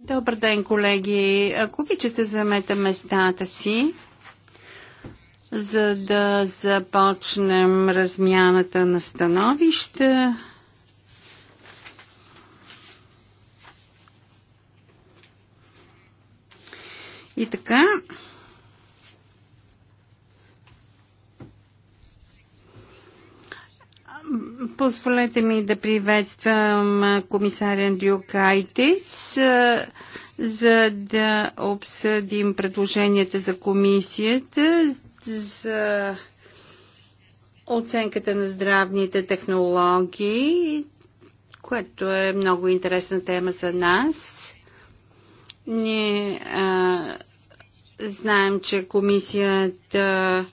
Добър ден, колеги. Ако обичате, замете местата си, за да започнем размяната на становища. И така, Позволете ми да приветствам комисаря Андрю Кайтис, за да обсъдим предложенията за комисията за оценката на здравните технологии, което е много интересна тема за нас. Ние а, знаем, че комисията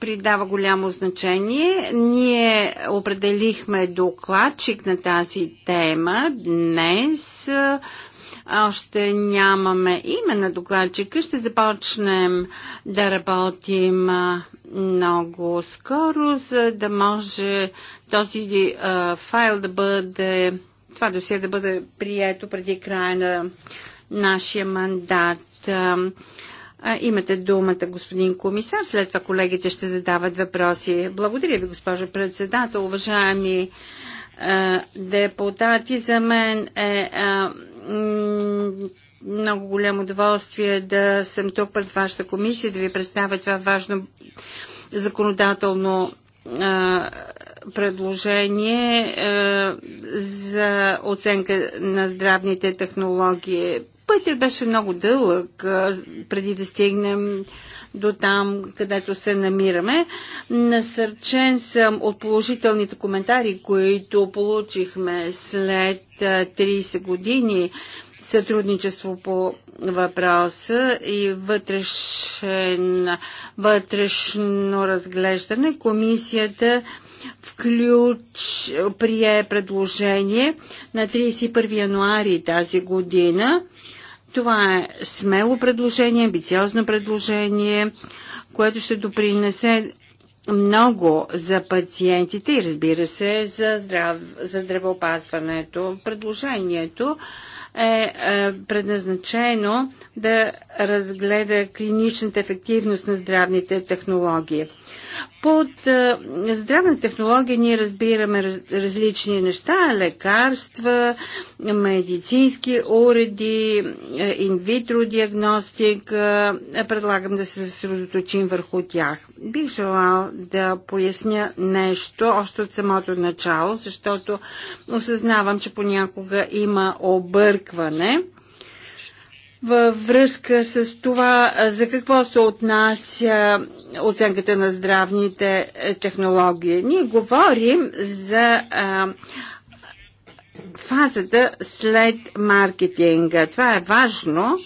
придава голямо значение. Ние определихме докладчик на тази тема днес. Още нямаме име на докладчика. Ще започнем да работим много скоро, за да може този а, файл да бъде, това досие да бъде прието преди края на нашия мандат. Имате думата, господин комисар. След това колегите ще задават въпроси. Благодаря ви, госпожо председател. Уважаеми а, депутати, за мен е а, много голямо удоволствие да съм тук пред вашата комисия, да ви представя това важно законодателно а, предложение за оценка на здравните технологии. Пътят беше много дълъг, преди да стигнем до там, където се намираме. Насърчен съм от положителните коментари, които получихме след 30 години сътрудничество по въпроса и вътрешен, вътрешно разглеждане. Комисията включ, прие предложение на 31 януари тази година това е смело предложение, амбициозно предложение, което ще допринесе много за пациентите и разбира се за, здрав... за здравеопазването. Предложението е, е предназначено да разгледа клиничната ефективност на здравните технологии. Под е, здравна технология ние разбираме раз, различни неща, лекарства, медицински уреди, е, инвитро диагностика. Предлагам да се съсредоточим върху тях. Бих желал да поясня нещо още от самото начало, защото осъзнавам, че понякога има объркване във връзка с това за какво се отнася оценката на здравните е, технологии. Ние говорим за фазата след маркетинга. Това е важно.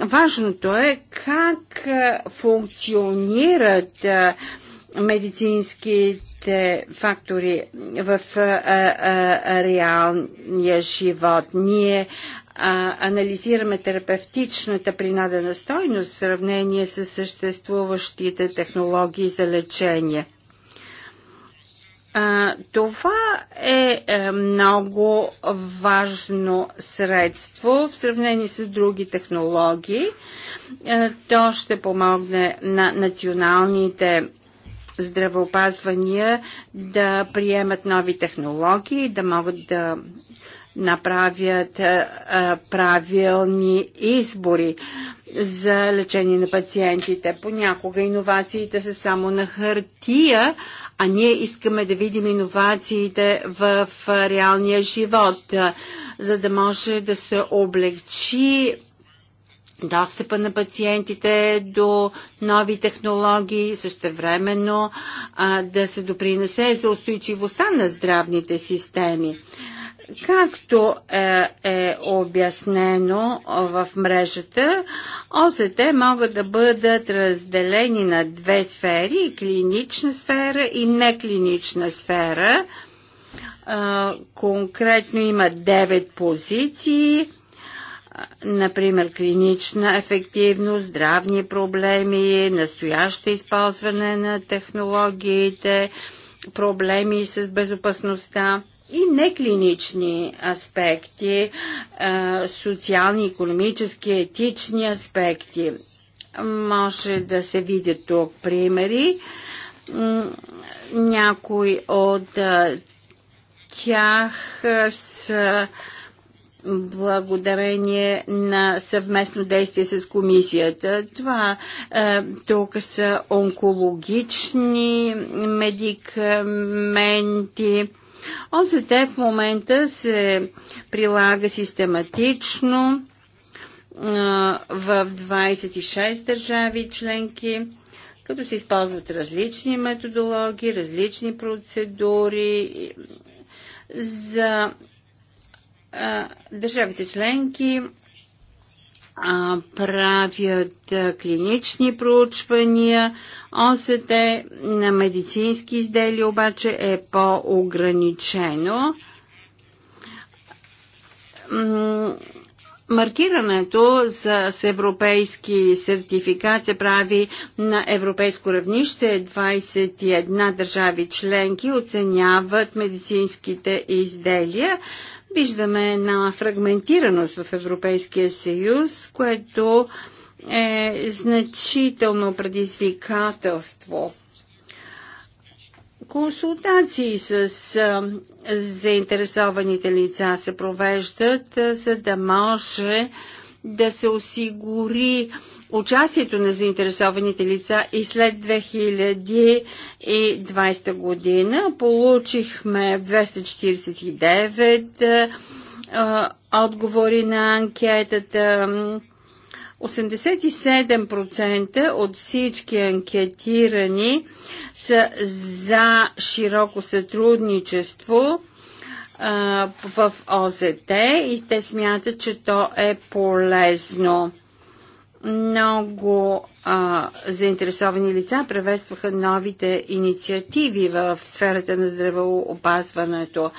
Важното е как функционират медицинските фактори в реалния живот. Ние а, анализираме терапевтичната принадена стойност в сравнение с съществуващите технологии за лечение. А, това е, е много важно средство в сравнение с други технологии. Е, то ще помогне на националните здравеопазвания да приемат нови технологии, да могат да направят правилни избори за лечение на пациентите. Понякога иновациите са само на хартия, а ние искаме да видим иновациите в реалния живот, за да може да се облегчи достъпа на пациентите до нови технологии, същевременно времено да се допринесе за устойчивостта на здравните системи. Както е, е обяснено в мрежата, ОЗТ могат да бъдат разделени на две сфери клинична сфера и неклинична сфера. Е, конкретно има 9 позиции е, например, клинична ефективност, здравни проблеми, настояще използване на технологиите, проблеми с безопасността и неклинични аспекти, социални, економически, етични аспекти. Може да се видят тук примери. Някои от тях са благодарение на съвместно действие с комисията. Това е, тук са онкологични медикаменти, ОЗТ в момента се прилага систематично в 26 държави членки, като се използват различни методологии, различни процедури за държавите членки а, правят а, клинични проучвания. ОСТ на медицински изделия обаче е по-ограничено. Маркирането с европейски сертификат се прави на европейско равнище. 21 държави членки оценяват медицинските изделия. Виждаме една фрагментираност в Европейския съюз, което е значително предизвикателство консултации с заинтересованите лица се провеждат, за да може да се осигури участието на заинтересованите лица и след 2020 година получихме 249 а, отговори на анкетата. 87% от всички анкетирани са за широко сътрудничество а, в ОЗТ и те смятат, че то е полезно много а, заинтересовани лица приветстваха новите инициативи в сферата на здравеопазването.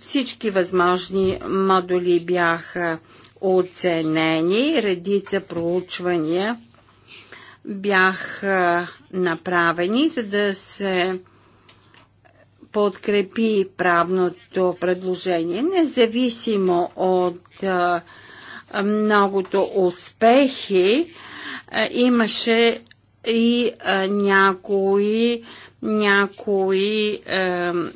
Всички възможни модули бяха оценени, редица проучвания бяха направени, за да се подкрепи правното предложение, независимо от а, многото успехи, е, имаше и е, някои някои е,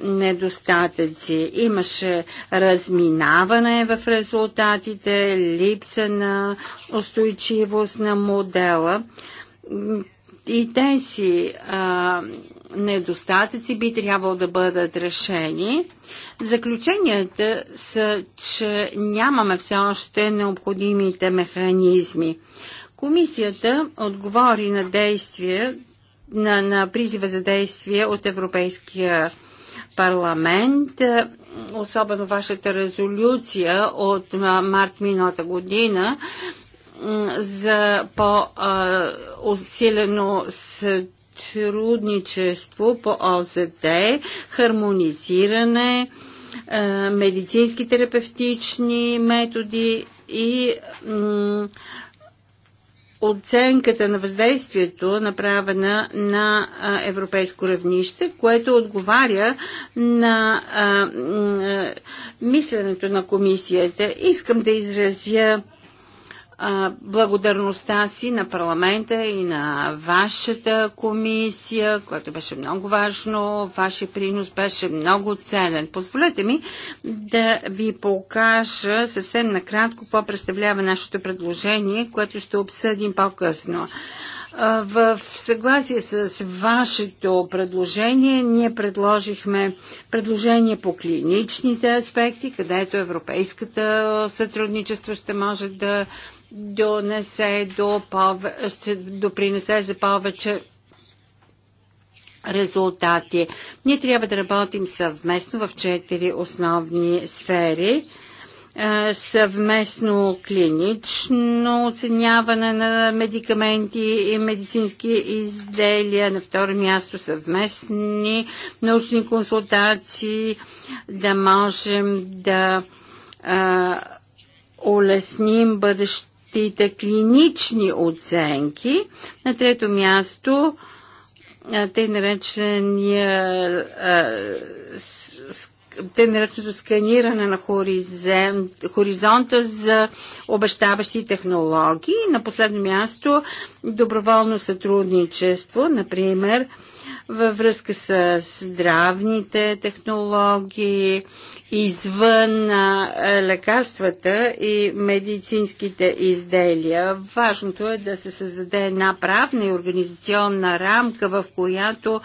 недостатъци. Имаше разминаване в резултатите, липса на устойчивост на модела. И тези недостатъци би трябвало да бъдат решени. Заключенията са, че нямаме все още необходимите механизми. Комисията отговори на действие, на, на призива за действие от Европейския парламент, особено вашата резолюция от март миналата година за по-усилено сътрудничество по ОЗД, хармонизиране, е, медицински терапевтични методи и оценката на въздействието, направена на европейско равнище, което отговаря на мисленето на комисията. Искам да изразя благодарността си на парламента и на вашата комисия, което беше много важно. Вашия принос беше много ценен. Позволете ми да ви покажа съвсем накратко какво представлява нашето предложение, което ще обсъдим по-късно. В съгласие с вашето предложение, ние предложихме предложение по клиничните аспекти, където европейската сътрудничество ще може да донесе до повече ще допринесе за повече резултати. Ние трябва да работим съвместно в четири основни сфери съвместно клинично оценяване на медикаменти и медицински изделия, на второ място съвместни научни консултации, да можем да а, улесним бъдещето общите клинични оценки. На трето място те наречения те нареченото сканиране на хоризонта за обещаващи технологии. На последно място доброволно сътрудничество, например, във връзка с здравните технологии, извън лекарствата и медицинските изделия. Важното е да се създаде една правна и организационна рамка, в която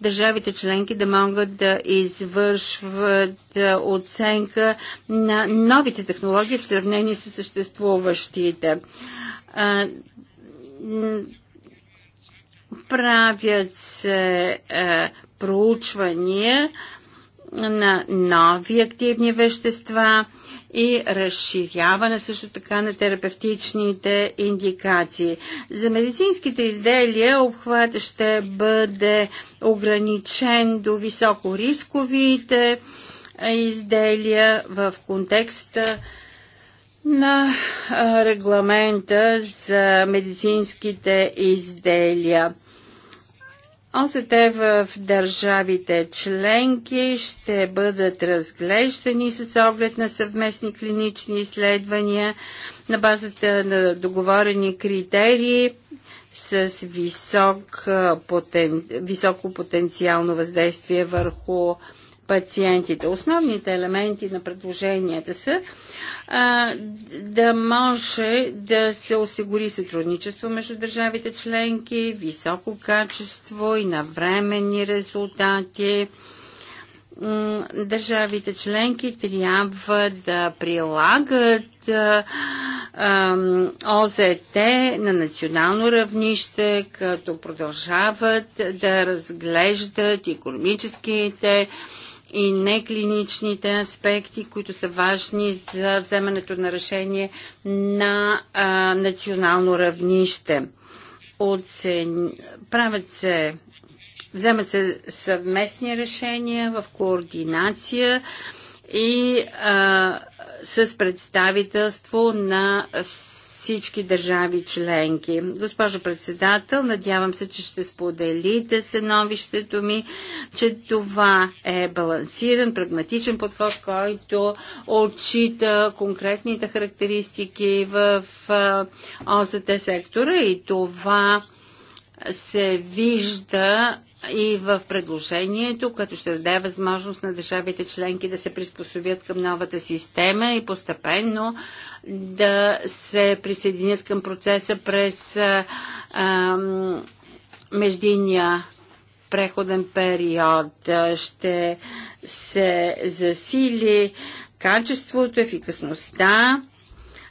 държавите членки да могат да извършват оценка на новите технологии в сравнение с съществуващите правят се проучвания на нови активни вещества и разширяване също така на терапевтичните индикации. За медицинските изделия обхват ще бъде ограничен до високо рисковите изделия в контекста на регламента за медицинските изделия. ОСТ в държавите членки ще бъдат разглеждани с оглед на съвместни клинични изследвания на базата на договорени критерии с висок потен... високо потенциално въздействие върху пациентите. Основните елементи на предложенията са а, да може да се осигури сътрудничество между държавите членки, високо качество и навременни резултати държавите членки трябва да прилагат ОЗТ на национално равнище, като продължават да разглеждат економическите и неклиничните аспекти, които са важни за вземането на решение на а, национално равнище. Оцен... Правят се, вземат се съвместни решения в координация и а, с представителство на всички всички държави членки. Госпожо председател, надявам се, че ще споделите становището ми, че това е балансиран, прагматичен подход, който отчита конкретните характеристики в ОЗТ сектора и това се вижда и в предложението, като ще даде възможност на държавите членки да се приспособят към новата система и постепенно да се присъединят към процеса през а, междинния преходен период. Ще се засили качеството, ефикасността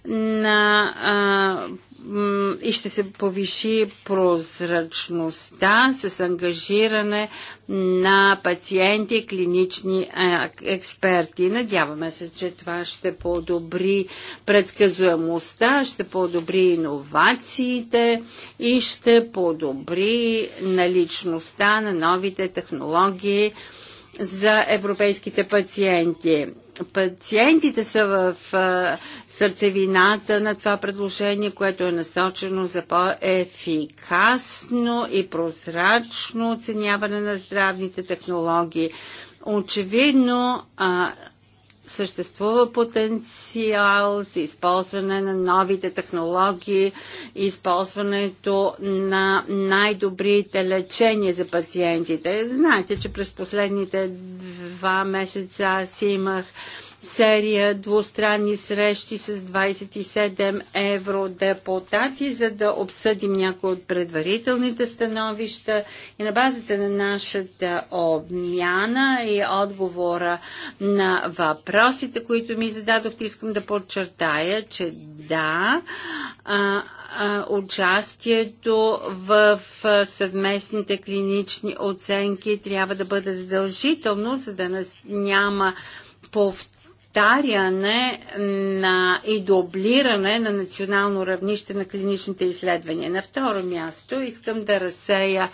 на а, и ще се повиши прозрачността с ангажиране на пациенти, клинични експерти. Надяваме се, че това ще подобри предсказуемостта, ще подобри иновациите и ще подобри наличността на новите технологии за европейските пациенти. Пациентите са в сърцевината на това предложение, което е насочено за по-ефикасно и прозрачно оценяване на здравните технологии. Очевидно, а, съществува потенциал за използване на новите технологии, използването на най-добрите лечения за пациентите. Знаете, че през последните два месеца аз имах серия двустранни срещи с 27 евродепутати, за да обсъдим някои от предварителните становища и на базата на нашата обмяна и отговора на въпросите, които ми зададохте, искам да подчертая, че да, а, а, участието в съвместните клинични оценки трябва да бъде задължително, за да няма повторно повтаряне на и дублиране на национално равнище на клиничните изследвания. На второ място искам да разсея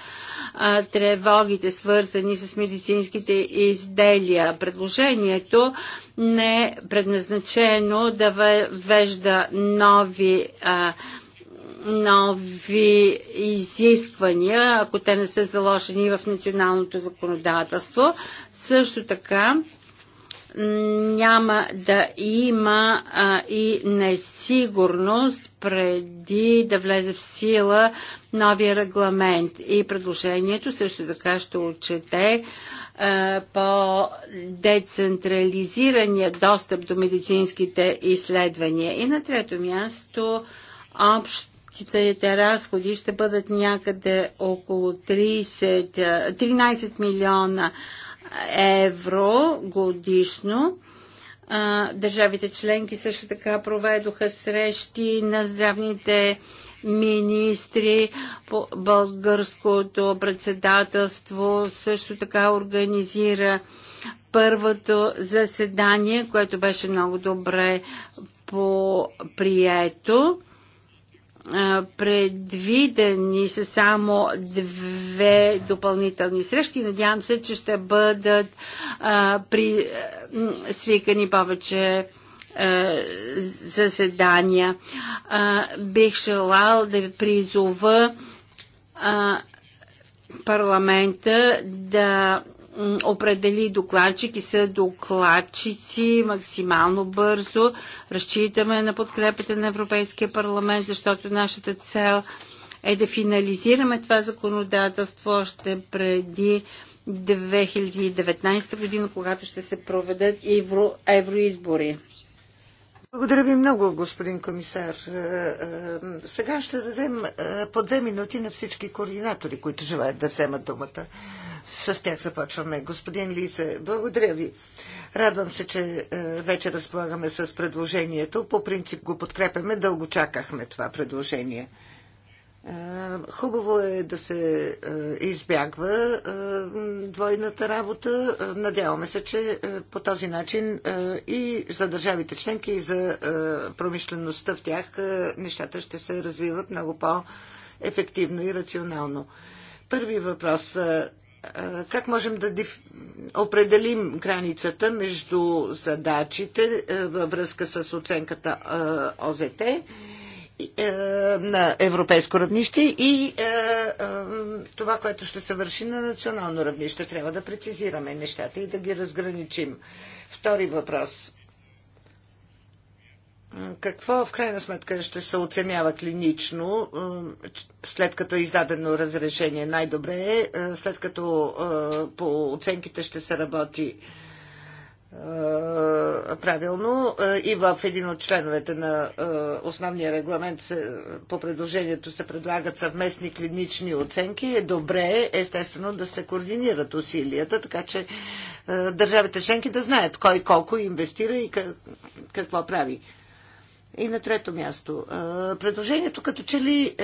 а, тревогите, свързани с медицинските изделия. Предложението не е предназначено да въвежда нови а, нови изисквания, ако те не са заложени в националното законодателство. Също така няма да има а, и несигурност преди да влезе в сила новия регламент. И предложението също така ще отчете по децентрализирания достъп до медицинските изследвания. И на трето място Общите разходи ще бъдат някъде около 30, 13 милиона евро годишно. Държавите членки също така проведоха срещи на здравните министри, по българското председателство също така организира първото заседание, което беше много добре по прието предвидени са само две допълнителни срещи. Надявам се, че ще бъдат при, свикани повече заседания. бих желал да призова парламента да определи докладчик и са докладчици максимално бързо. Разчитаме на подкрепата на Европейския парламент, защото нашата цел е да финализираме това законодателство още преди 2019 година, когато ще се проведат евро, евроизбори. Благодаря ви много, господин комисар. Е, е, сега ще дадем е, по две минути на всички координатори, които желаят да вземат думата. С тях започваме. Господин Лисе, благодаря ви. Радвам се, че е, вече разполагаме с предложението. По принцип го подкрепяме. Дълго чакахме това предложение. Е, хубаво е да се е, избягва двойната работа. Надяваме се, че по този начин и за държавите членки, и за промишлеността в тях нещата ще се развиват много по-ефективно и рационално. Първи въпрос как можем да определим границата между задачите е, във връзка с оценката е, ОЗТ е, на европейско равнище и това, което ще се върши на национално равнище. Трябва да прецизираме нещата и да ги разграничим. Втори въпрос. Какво в крайна сметка ще се оценява клинично, след като е издадено разрешение? Най-добре е, след като по оценките ще се работи правилно и в един от членовете на основния регламент по предложението се предлагат съвместни клинични оценки. Е добре, естествено, да се координират усилията, така че държавите членки да знаят кой колко инвестира и какво прави. И на трето място, предложението като че ли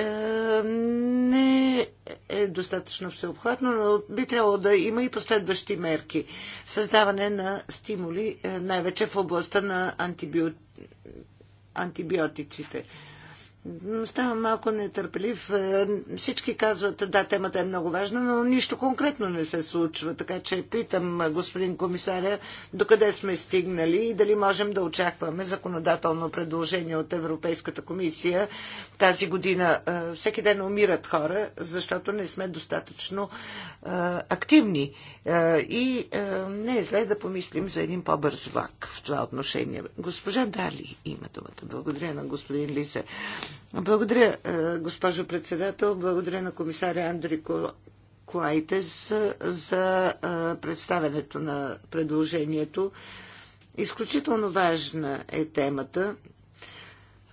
не е достатъчно всеобхватно, но би трябвало да има и последващи мерки. Създаване на стимули, най-вече в областта на антибиотиците Ставам малко нетърпелив. Е, всички казват, да, темата е много важна, но нищо конкретно не се случва. Така че питам е, господин комисаря, докъде сме стигнали и дали можем да очакваме законодателно предложение от Европейската комисия тази година. Е, всеки ден умират хора, защото не сме достатъчно активни. И не е зле да помислим за един по-бърз влак в това отношение. Госпожа Дали има думата. Благодаря на господин Лисе. Благодаря, е, госпожо председател. Благодаря на комисаря Андрико Куайтес за е, представенето на предложението. Изключително важна е темата.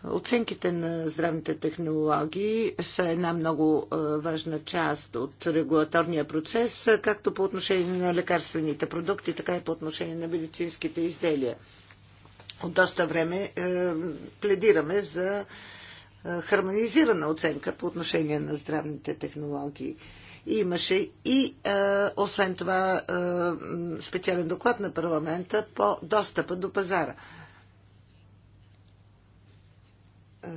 Оценките на здравните технологии са една много е, важна част от регулаторния процес, както по отношение на лекарствените продукти, така и по отношение на медицинските изделия. От доста време пледираме за е, хармонизирана оценка по отношение на здравните технологии. И имаше и, е, освен това, е, специален доклад на парламента по достъпа до пазара. Е,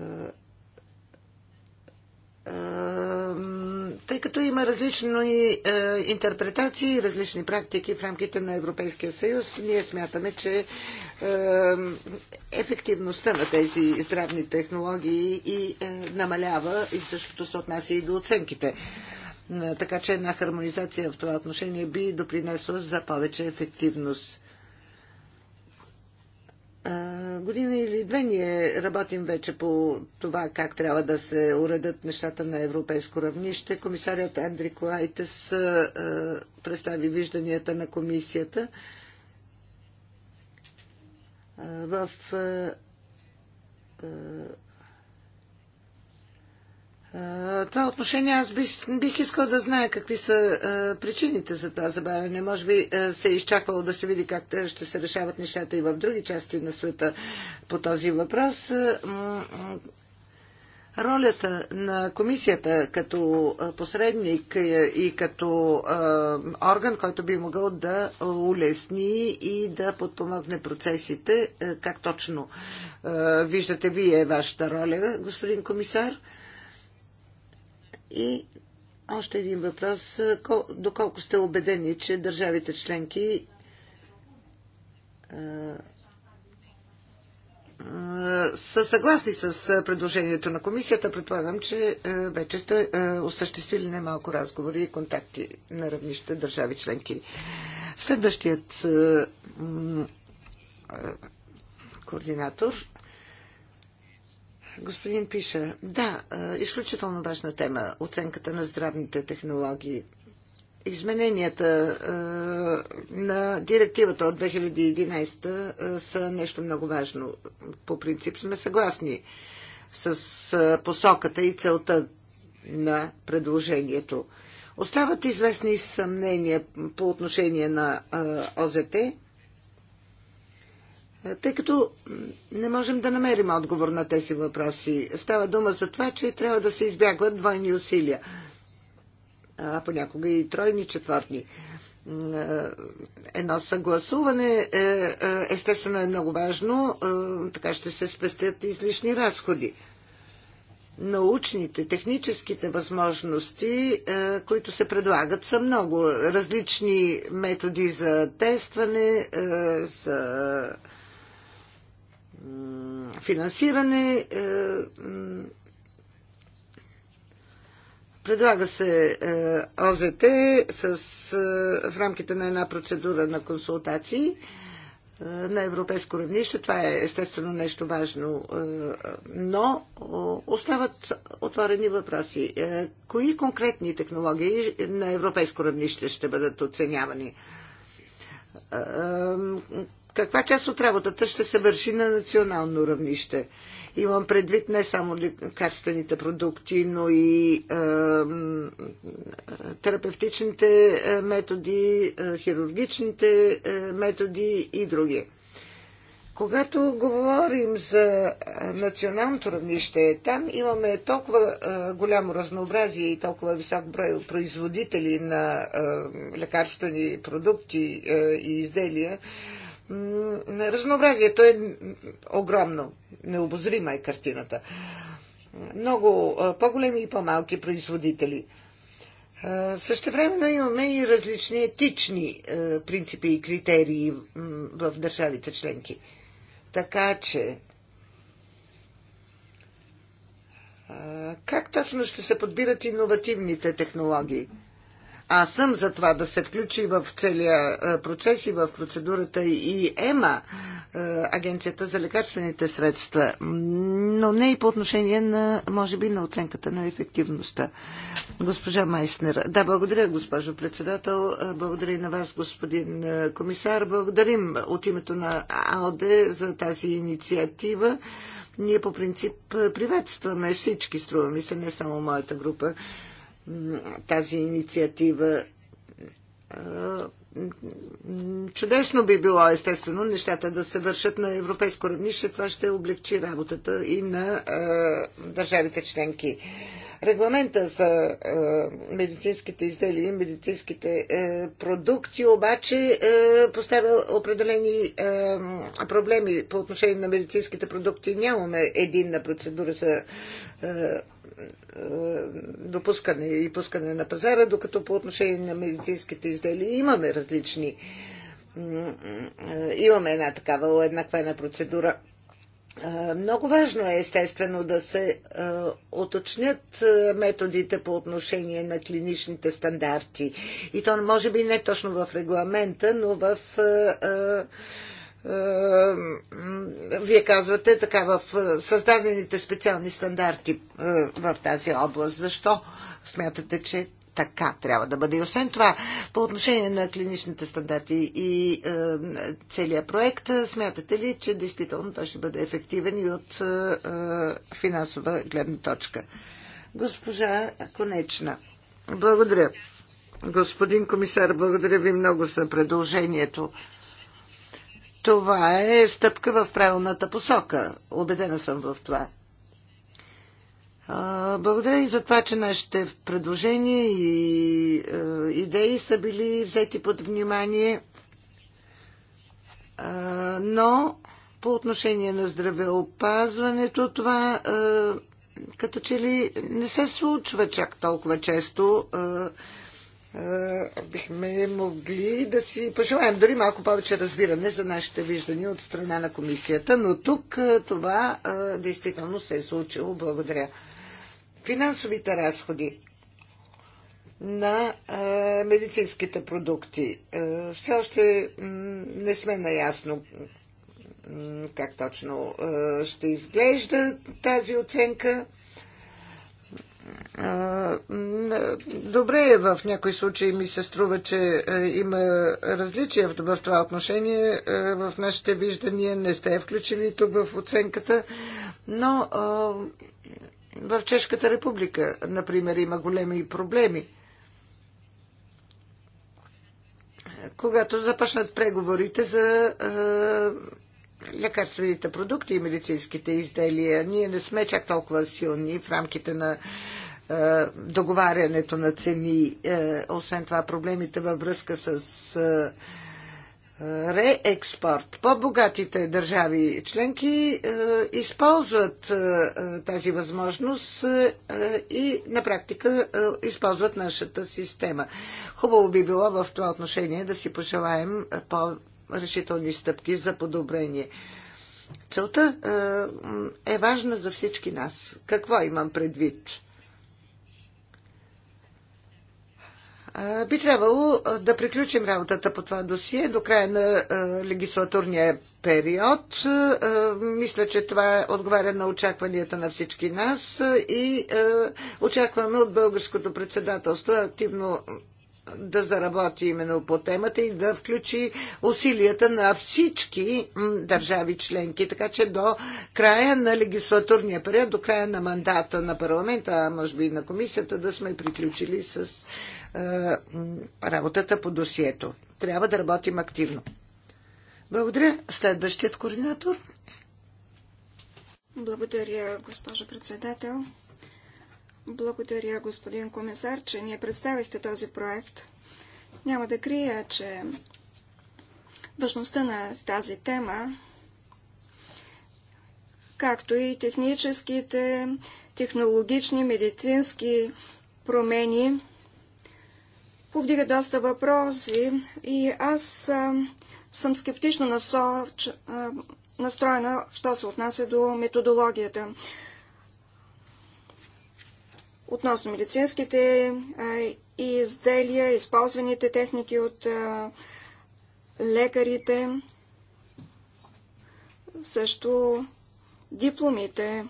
тъй като има различни е, интерпретации и различни практики в рамките на Европейския съюз, ние смятаме, че ефективността на тези здравни технологии и е, намалява и същото се отнася и до оценките. Така че една хармонизация в това отношение би допринесла за повече ефективност година или две ние работим вече по това как трябва да се уредят нещата на европейско равнище. Комисарият Андри Куайтес представи вижданията на комисията. В това отношение аз бих, бих искал да зная какви са а, причините за това забавяне. Може би а, се е изчаквало да се види как ще се решават нещата и в други части на света по този въпрос. Ролята на комисията като посредник и като орган, който би могъл да улесни и да подпомогне процесите, как точно виждате вие вашата роля, господин комисар? И още един въпрос. Доколко сте убедени, че държавите членки е, е, са съгласни с е, предложението на комисията. Предполагам, че вече сте осъществили немалко разговори и контакти на равнище държави членки. Следващият координатор господин Пиша. Да, изключително важна тема оценката на здравните технологии. Измененията на директивата от 2011 са нещо много важно. По принцип сме съгласни с посоката и целта на предложението. Остават известни съмнения по отношение на ОЗТ е. Тъй като не можем да намерим отговор на тези въпроси. Става дума за това, че трябва да се избягват двойни усилия. А понякога и тройни, четвърни. Едно съгласуване е, е, естествено е много важно. Е, така ще се спестят излишни разходи научните, техническите възможности, които се предлагат, са много. Различни методи за тестване, за финансиране. Е, предлага се е, ОЗТ с, е, в рамките на една процедура на консултации на европейско равнище. Това е естествено нещо важно, но остават отворени въпроси. Кои конкретни технологии на европейско равнище ще бъдат оценявани? каква част от работата ще се върши на национално равнище. Имам предвид не само лекарствените продукти, но и е, терапевтичните методи, е, хирургичните е, методи и други. Когато говорим за е, националното равнище, там имаме толкова е, голямо разнообразие и толкова висок брой производители на е, лекарствени продукти е, и изделия, Разнообразието е огромно. Необозрима е картината. Много по-големи и по-малки производители. Също времено имаме и различни етични принципи и критерии в държавите членки. Така че, как точно ще се подбират иновативните технологии? Аз съм за това да се включи в целия е, процес и в процедурата и ЕМА, е, Агенцията за лекарствените средства, но не и по отношение на, може би, на оценката на ефективността. Госпожа Майснер. Да, благодаря, госпожо председател. Е, благодаря и на вас, господин комисар. Благодарим от името на АОД за тази инициатива. Ние по принцип приветстваме всички, струва ми се, не само моята група, тази инициатива. Чудесно би било, естествено, нещата да се вършат на европейско равнище. Това ще облегчи работата и на държавите членки. Регламента за е, медицинските изделия и медицинските е, продукти обаче е, поставя определени е, проблеми по отношение на медицинските продукти. Нямаме единна процедура за е, е, допускане и пускане на пазара, докато по отношение на медицинските изделия имаме различни. Имаме една такава уеднаквена процедура. Много важно е, естествено, да се оточнят методите по отношение на клиничните стандарти. И то може би не точно в регламента, но в. Вие казвате така, в създадените специални стандарти в тази област. Защо смятате, че така трябва да бъде. И освен това, по отношение на клиничните стандарти и е, целият проект, смятате ли, че действително той ще бъде ефективен и от е, е, финансова гледна точка? Госпожа Конечна, благодаря. Господин комисар, благодаря ви много за предложението. Това е стъпка в правилната посока. Обедена съм в това. Благодаря и за това, че нашите предложения и идеи са били взети под внимание. Но по отношение на здравеопазването това като че ли не се случва чак толкова често. Бихме могли да си пожелаем дори малко повече разбиране за нашите виждания от страна на комисията, но тук това действително се е случило. Благодаря финансовите разходи на а, медицинските продукти. А, все още не сме наясно как точно а, ще изглежда тази оценка. Добре е в някои случаи ми се струва, че има различия в това отношение. В нашите виждания не сте включени тук в оценката, но в Чешката република, например, има големи проблеми. Когато започнат преговорите за лекарствените продукти и медицинските изделия, ние не сме чак толкова силни в рамките на договарянето на цени. Е, освен това, проблемите във връзка с реекспорт. По-богатите държави членки е, използват е, е, тази възможност и на практика използват нашата система. Хубаво би било в това отношение да си пожелаем по-решителни стъпки за подобрение. Целта е важна за всички нас. Какво имам предвид? Би трябвало да приключим работата по това досие до края на легислатурния период. Мисля, че това отговаря на очакванията на всички нас и очакваме от българското председателство активно да заработи именно по темата и да включи усилията на всички държави членки. Така че до края на легислатурния период, до края на мандата на парламента, а може би и на комисията, да сме приключили с е, работата по досието. Трябва да работим активно. Благодаря. Следващият координатор. Благодаря, госпожо председател. Благодаря, господин комисар, че ни представихте този проект. Няма да крия, че важността на тази тема, както и техническите, технологични, медицински промени, повдига доста въпроси и аз съм скептично насоч, настроена, що се отнася до методологията относно медицинските изделия, използваните техники от лекарите, също дипломите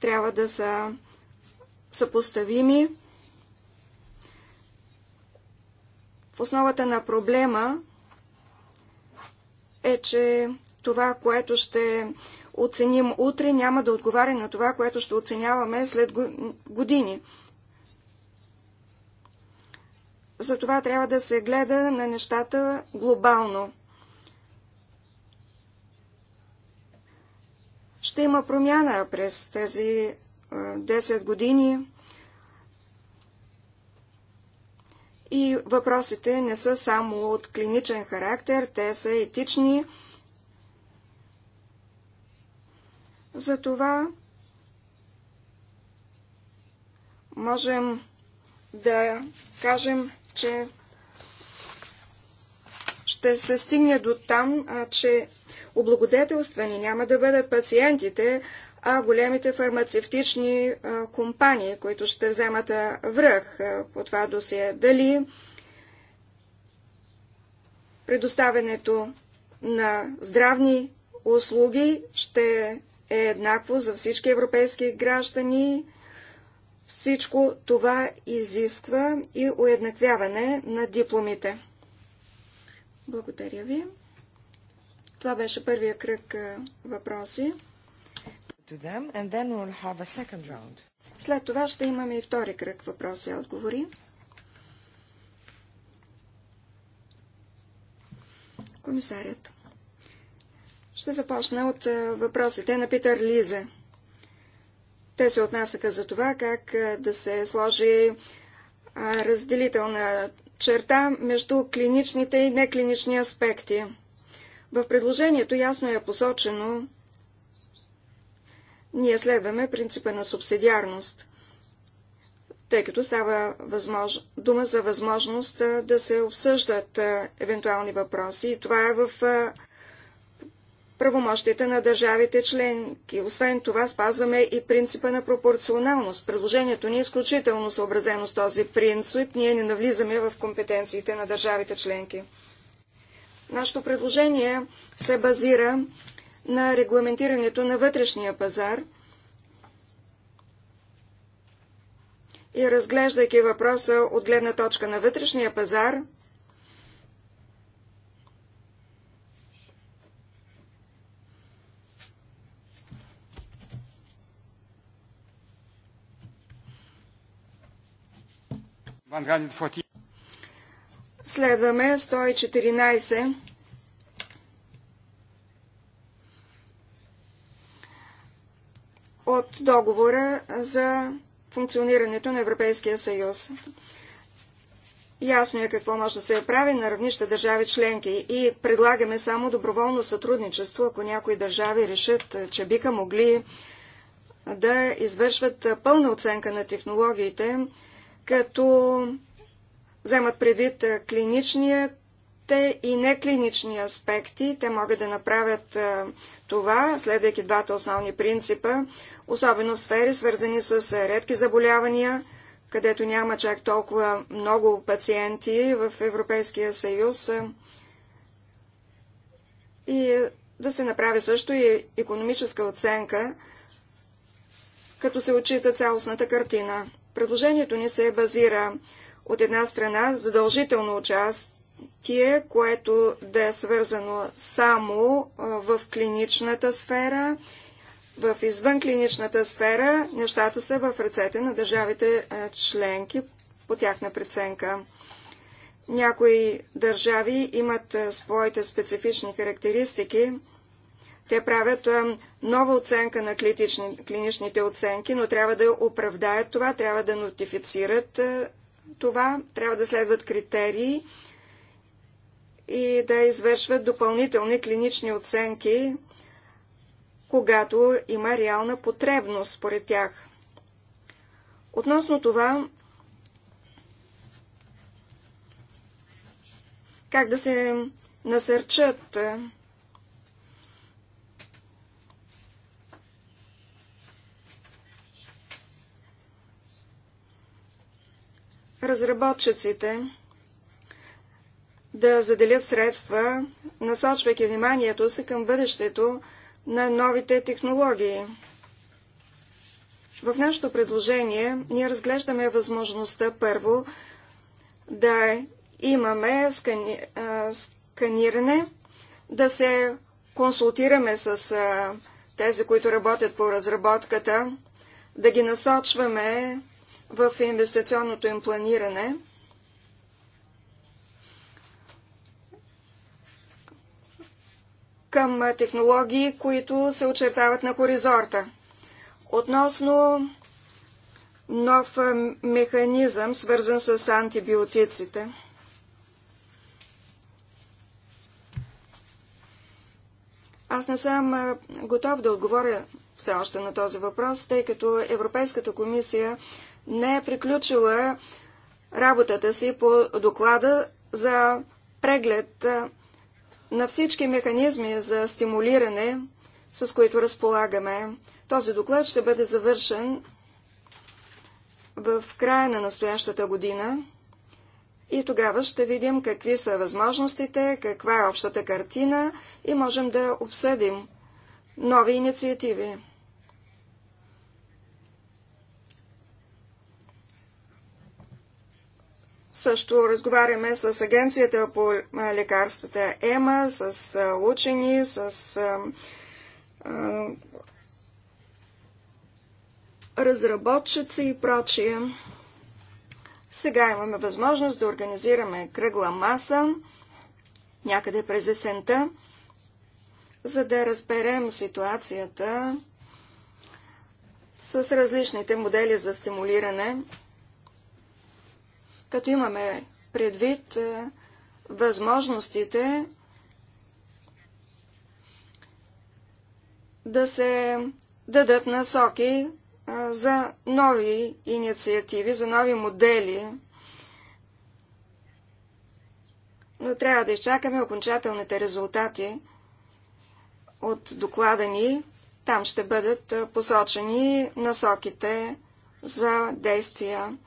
трябва да са съпоставими. В основата на проблема е, че това, което ще оценим утре, няма да отговаря на това, което ще оценяваме след години. Затова трябва да се гледа на нещата глобално. Ще има промяна през тези 10 години. И въпросите не са само от клиничен характер, те са етични, Затова можем да кажем, че ще се стигне до там, че облагодетелствани няма да бъдат пациентите, а големите фармацевтични компании, които ще вземат връх по това досие. Дали предоставянето на здравни услуги ще е еднакво за всички европейски граждани. Всичко това изисква и уеднаквяване на дипломите. Благодаря ви. Това беше първия кръг въпроси. След това ще имаме и втори кръг въпроси и отговори. Комисарят. Ще започна от е, въпросите на Питър Лизе. Те се отнасяха за това как е, да се сложи е, разделителна черта между клиничните и неклинични аспекти. В предложението ясно е посочено, ние следваме принципа на субсидиарност, тъй като става възмож... дума за възможност да се обсъждат евентуални въпроси. И това е в правомощите на държавите членки. Освен това, спазваме и принципа на пропорционалност. Предложението ни е изключително съобразено с този принцип. Ние не навлизаме в компетенциите на държавите членки. Нашето предложение се базира на регламентирането на вътрешния пазар и разглеждайки въпроса от гледна точка на вътрешния пазар, Следваме 114. от договора за функционирането на Европейския съюз. Ясно е какво може да се прави на равнища държави членки и предлагаме само доброволно сътрудничество, ако някои държави решат, че биха могли да извършват пълна оценка на технологиите, като вземат предвид клиничните и неклинични аспекти. Те могат да направят това, следвайки двата основни принципа, особено в сфери, свързани с редки заболявания, където няма чак толкова много пациенти в Европейския съюз. И да се направи също и економическа оценка, като се отчита цялостната картина. Предложението ни се базира от една страна задължително участие, което да е свързано само в клиничната сфера. В извънклиничната сфера нещата са в ръцете на държавите членки по тяхна преценка. Някои държави имат своите специфични характеристики, те правят нова оценка на клинични, клиничните оценки, но трябва да оправдаят това, трябва да нотифицират това, трябва да следват критерии и да извършват допълнителни клинични оценки, когато има реална потребност според тях. Относно това, как да се насърчат разработчиците да заделят средства, насочвайки вниманието си към бъдещето на новите технологии. В нашето предложение ние разглеждаме възможността първо да имаме скани... сканиране, да се консултираме с тези, които работят по разработката, да ги насочваме в инвестиционното им планиране. към технологии, които се очертават на хоризонта. Относно нов механизъм, свързан с антибиотиците. Аз не съм готов да отговоря все още на този въпрос, тъй като Европейската комисия не е приключила работата си по доклада за преглед на всички механизми за стимулиране, с които разполагаме. Този доклад ще бъде завършен в края на настоящата година и тогава ще видим какви са възможностите, каква е общата картина и можем да обсъдим нови инициативи. Също разговаряме с агенцията по лекарствата ЕМА, с учени, с а, разработчици и прочие. Сега имаме възможност да организираме кръгла маса някъде през есента, за да разберем ситуацията с различните модели за стимулиране като имаме предвид е, възможностите да се дадат насоки е, за нови инициативи, за нови модели. Но трябва да изчакаме окончателните резултати от доклада ни. Там ще бъдат е, посочени насоките за действия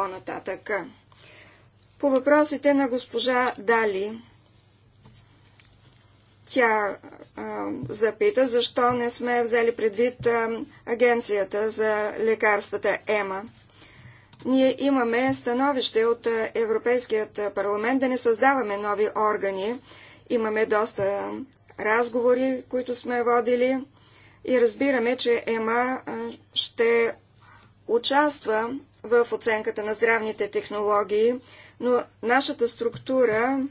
по-нататък. По въпросите на госпожа Дали, тя а, запита защо не сме взели предвид а, агенцията за лекарствата ЕМА. Ние имаме становище от Европейският парламент да не създаваме нови органи. Имаме доста разговори, които сме водили и разбираме, че ЕМА ще участва в оценката на здравните технологии, но нашата структура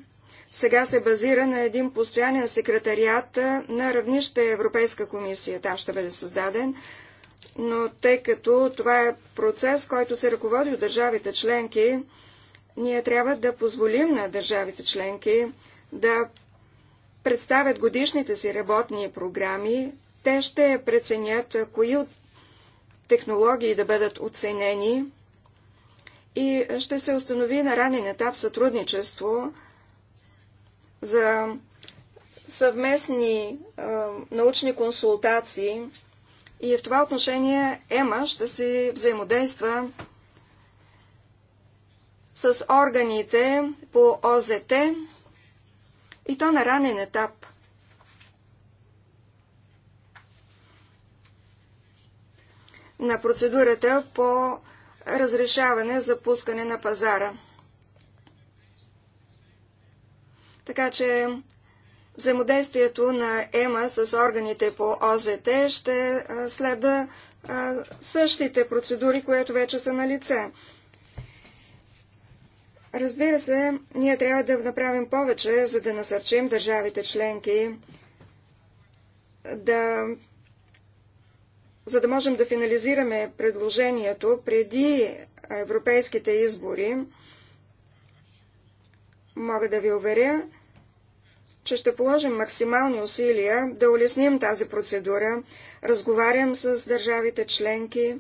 сега се базира на един постоянен секретариат на равнище Европейска комисия. Там ще бъде създаден. Но тъй като това е процес, който се ръководи от държавите членки, ние трябва да позволим на държавите членки да представят годишните си работни програми. Те ще преценят кои от технологии да бъдат оценени и ще се установи на ранен етап сътрудничество за съвместни а, научни консултации и в това отношение ЕМА ще се взаимодейства с органите по ОЗТ и то на ранен етап. На процедурата по разрешаване за пускане на пазара. Така че взаимодействието на ЕМА с органите по ОЗТ ще следва същите процедури, които вече са на лице. Разбира се, ние трябва да направим повече, за да насърчим държавите членки да за да можем да финализираме предложението преди европейските избори, мога да ви уверя, че ще положим максимални усилия да улесним тази процедура. Разговарям с държавите членки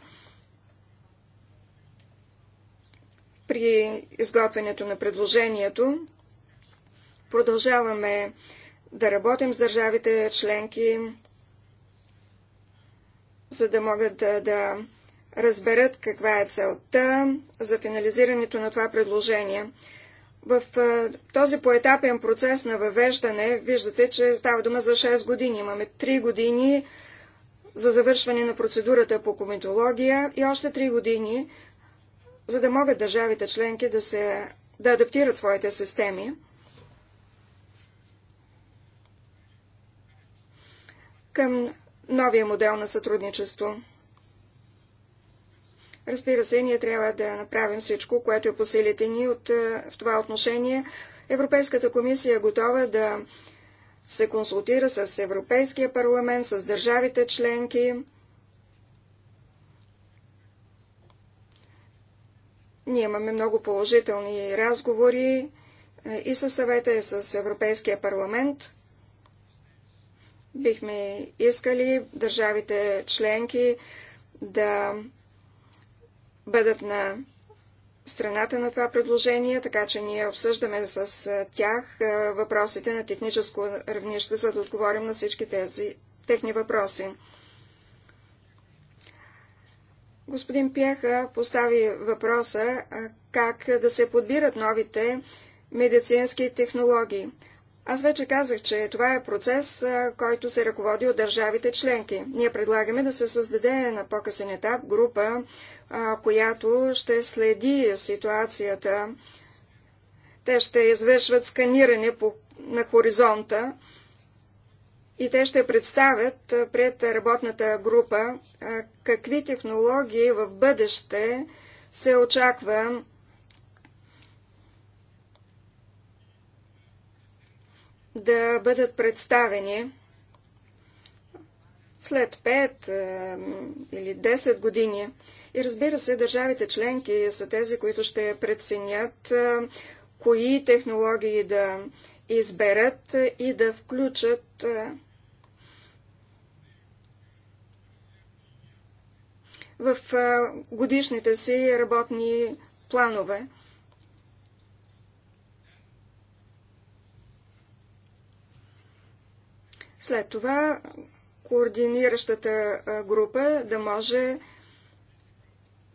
при изготвянето на предложението. Продължаваме да работим с държавите членки, за да могат да, да разберат каква е целта за финализирането на това предложение. В този поетапен процес на въвеждане виждате, че става дума за 6 години. Имаме 3 години за завършване на процедурата по комитология и още 3 години, за да могат държавите членки да, се, да адаптират своите системи. към новия модел на сътрудничество. Разбира се, ние трябва да направим всичко, което е по силите ни от, е, в това отношение. Европейската комисия е готова да се консултира с Европейския парламент, с държавите членки. Ние имаме много положителни разговори е, и със съвета, и с Европейския парламент. Бихме искали държавите членки да бъдат на страната на това предложение, така че ние обсъждаме с тях въпросите на техническо равнище, за да отговорим на всички тези техни въпроси. Господин Пеха постави въпроса как да се подбират новите медицински технологии. Аз вече казах, че това е процес, който се ръководи от държавите членки. Ние предлагаме да се създаде на по-късен етап група, която ще следи ситуацията. Те ще извършват сканиране по, на хоризонта и те ще представят пред работната група какви технологии в бъдеще се очаква да бъдат представени след 5 е, или 10 години. И разбира се, държавите членки са тези, които ще преценят е, кои технологии да изберат и да включат е, в годишните си работни планове. След това координиращата група да може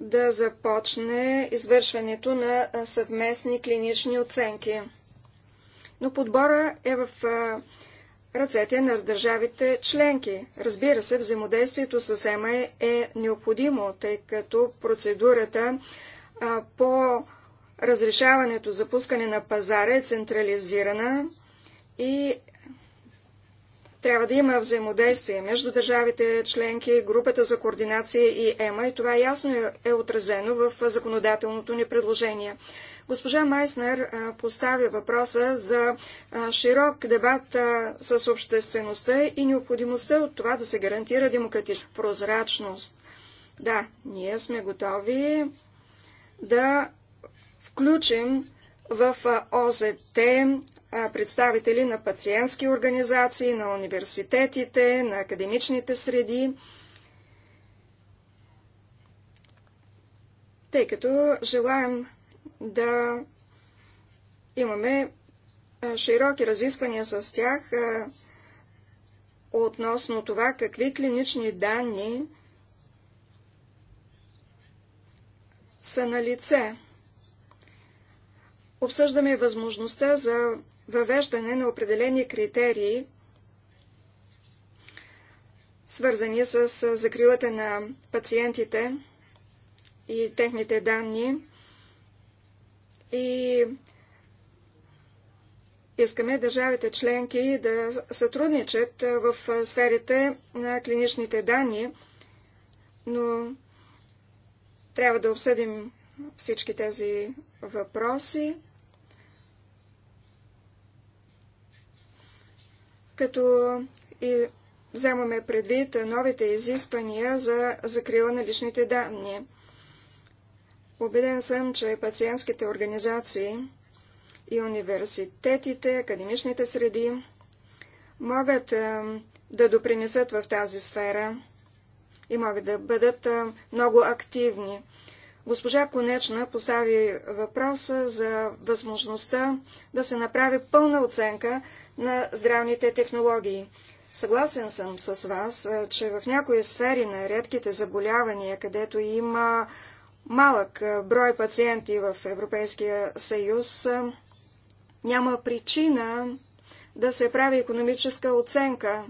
да започне извършването на съвместни клинични оценки. Но подбора е в ръцете на държавите членки. Разбира се, взаимодействието с ЕМА е необходимо, тъй като процедурата по разрешаването за пускане на пазара е централизирана и трябва да има взаимодействие между държавите членки, групата за координация и ЕМА и това ясно е, е отразено в законодателното ни предложение. Госпожа Майснер поставя въпроса за широк дебат с обществеността и необходимостта от това да се гарантира демократична прозрачност. Да, ние сме готови да включим в ОЗТ представители на пациентски организации, на университетите, на академичните среди, тъй като желаем да имаме широки разисквания с тях относно това какви клинични данни са на лице Обсъждаме възможността за въвеждане на определени критерии, свързани с закрилата на пациентите и техните данни. И искаме държавите членки да сътрудничат в сферите на клиничните данни, но трябва да обсъдим всички тези въпроси. като и вземаме предвид новите изисквания за закрила на личните данни. Обеден съм, че пациентските организации и университетите, академичните среди могат е, да допринесат в тази сфера и могат да бъдат е, много активни. Госпожа Конечна постави въпроса за възможността да се направи пълна оценка на здравните технологии. Съгласен съм с вас, че в някои сфери на редките заболявания, където има малък брой пациенти в Европейския съюз, няма причина да се прави економическа оценка.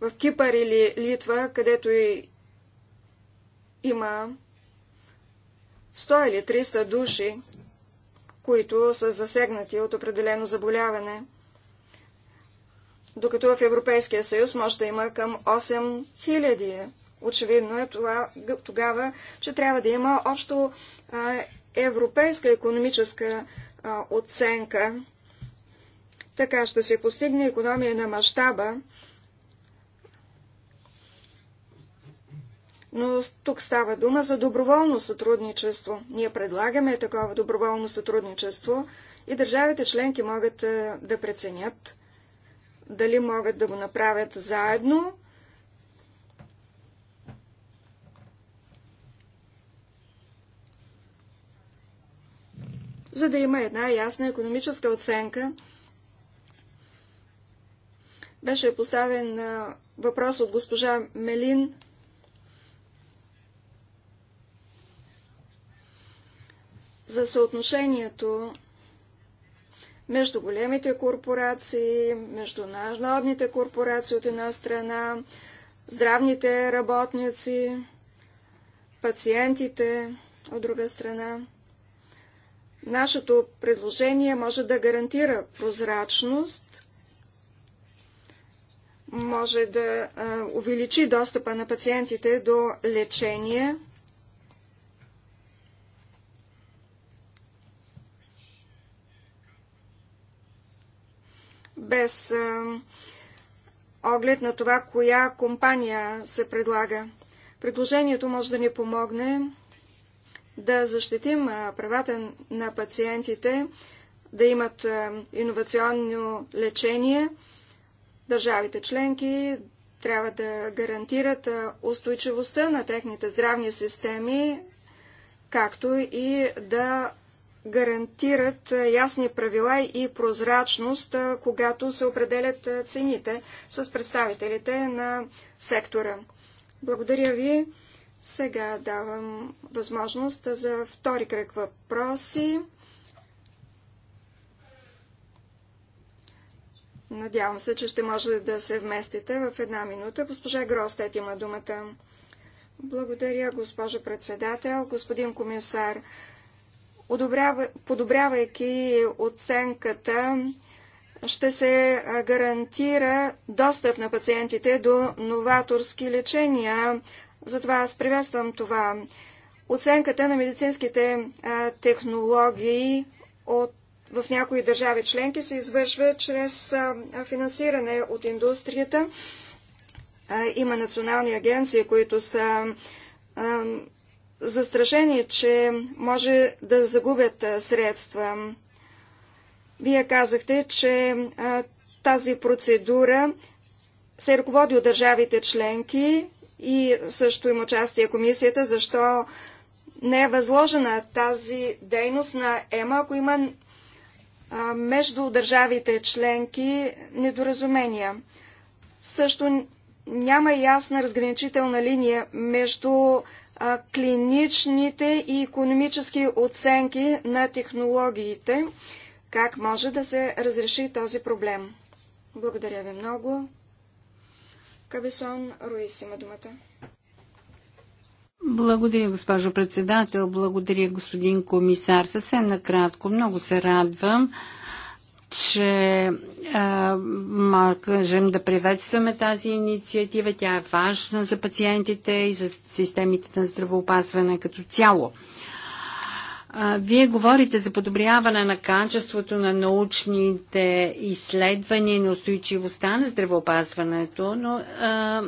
В Кипър или Литва, където и има 100 или 300 души, които са засегнати от определено заболяване, докато в Европейския съюз може да има към 8 000. Очевидно е това, тогава, че трябва да има общо а, европейска економическа а, оценка. Така ще се постигне економия на мащаба но тук става дума за доброволно сътрудничество. Ние предлагаме такова доброволно сътрудничество и държавите членки могат е, да преценят дали могат да го направят заедно за да има една ясна економическа оценка. Беше поставен е, въпрос от госпожа Мелин за съотношението между големите корпорации, между международните корпорации от една страна, здравните работници, пациентите от друга страна. Нашето предложение може да гарантира прозрачност, може да увеличи достъпа на пациентите до лечение – без оглед на това, коя компания се предлага. Предложението може да ни помогне да защитим правата на пациентите, да имат иновационно лечение. Държавите членки трябва да гарантират устойчивостта на техните здравни системи, както и да гарантират ясни правила и прозрачност, когато се определят цените с представителите на сектора. Благодаря ви. Сега давам възможност за втори кръг въпроси. Надявам се, че ще може да се вместите в една минута. Госпожа Гростет има думата. Благодаря, госпожо председател, господин комисар подобрявайки оценката, ще се гарантира достъп на пациентите до новаторски лечения. Затова аз приветствам това. Оценката на медицинските технологии от в някои държави членки се извършва чрез финансиране от индустрията. Има национални агенции, които са застрашени, че може да загубят средства. Вие казахте, че тази процедура се ръководи от държавите членки и също има участие комисията, защо не е възложена тази дейност на ЕМА, ако има между държавите членки недоразумения. Също няма ясна разграничителна линия между клиничните и економически оценки на технологиите, как може да се разреши този проблем. Благодаря ви много. Кабисон Руис има думата. Благодаря, госпожо председател. Благодаря, господин комисар. Съвсем накратко. Много се радвам че а, можем да приветстваме тази инициатива. Тя е важна за пациентите и за системите на здравеопазване като цяло. А, вие говорите за подобряване на качеството на научните изследвания и на устойчивостта на здравеопазването, но а,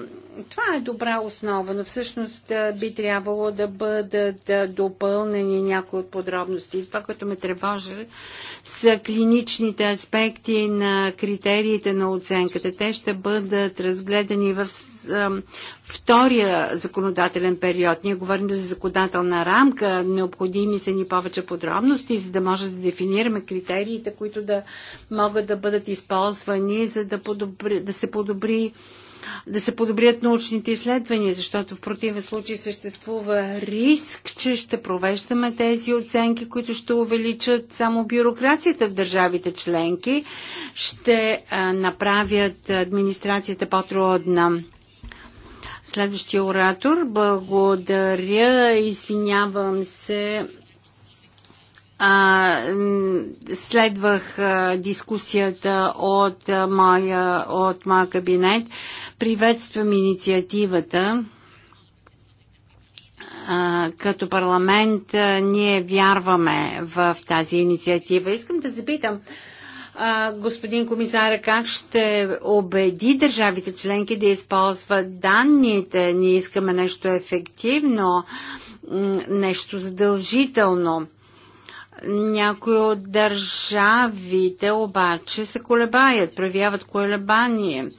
това е добра основа, но всъщност би трябвало да бъдат допълнени някои от подробности. Това, което ме тревожи, са клиничните аспекти на критериите на оценката. Те ще бъдат разгледани в втория законодателен период. Ние говорим за законодателна рамка, необходими са ни повече подробности, за да може да дефинираме критериите, които да могат да бъдат използвани, за да, подобри, да се подобри да се подобрят научните изследвания, защото в противен случай съществува риск, че ще провеждаме тези оценки, които ще увеличат само бюрокрацията в държавите членки, ще направят администрацията по-трудна. Следващия оратор. Благодаря. Извинявам се а, следвах а, дискусията от, а, моя, от моя кабинет. Приветствам инициативата. А, като парламент а, ние вярваме в тази инициатива. Искам да запитам, а, господин комисар, как ще убеди държавите членки да използват данните? Ние искаме нещо ефективно, нещо задължително някои от държавите обаче се колебаят, проявяват колебание.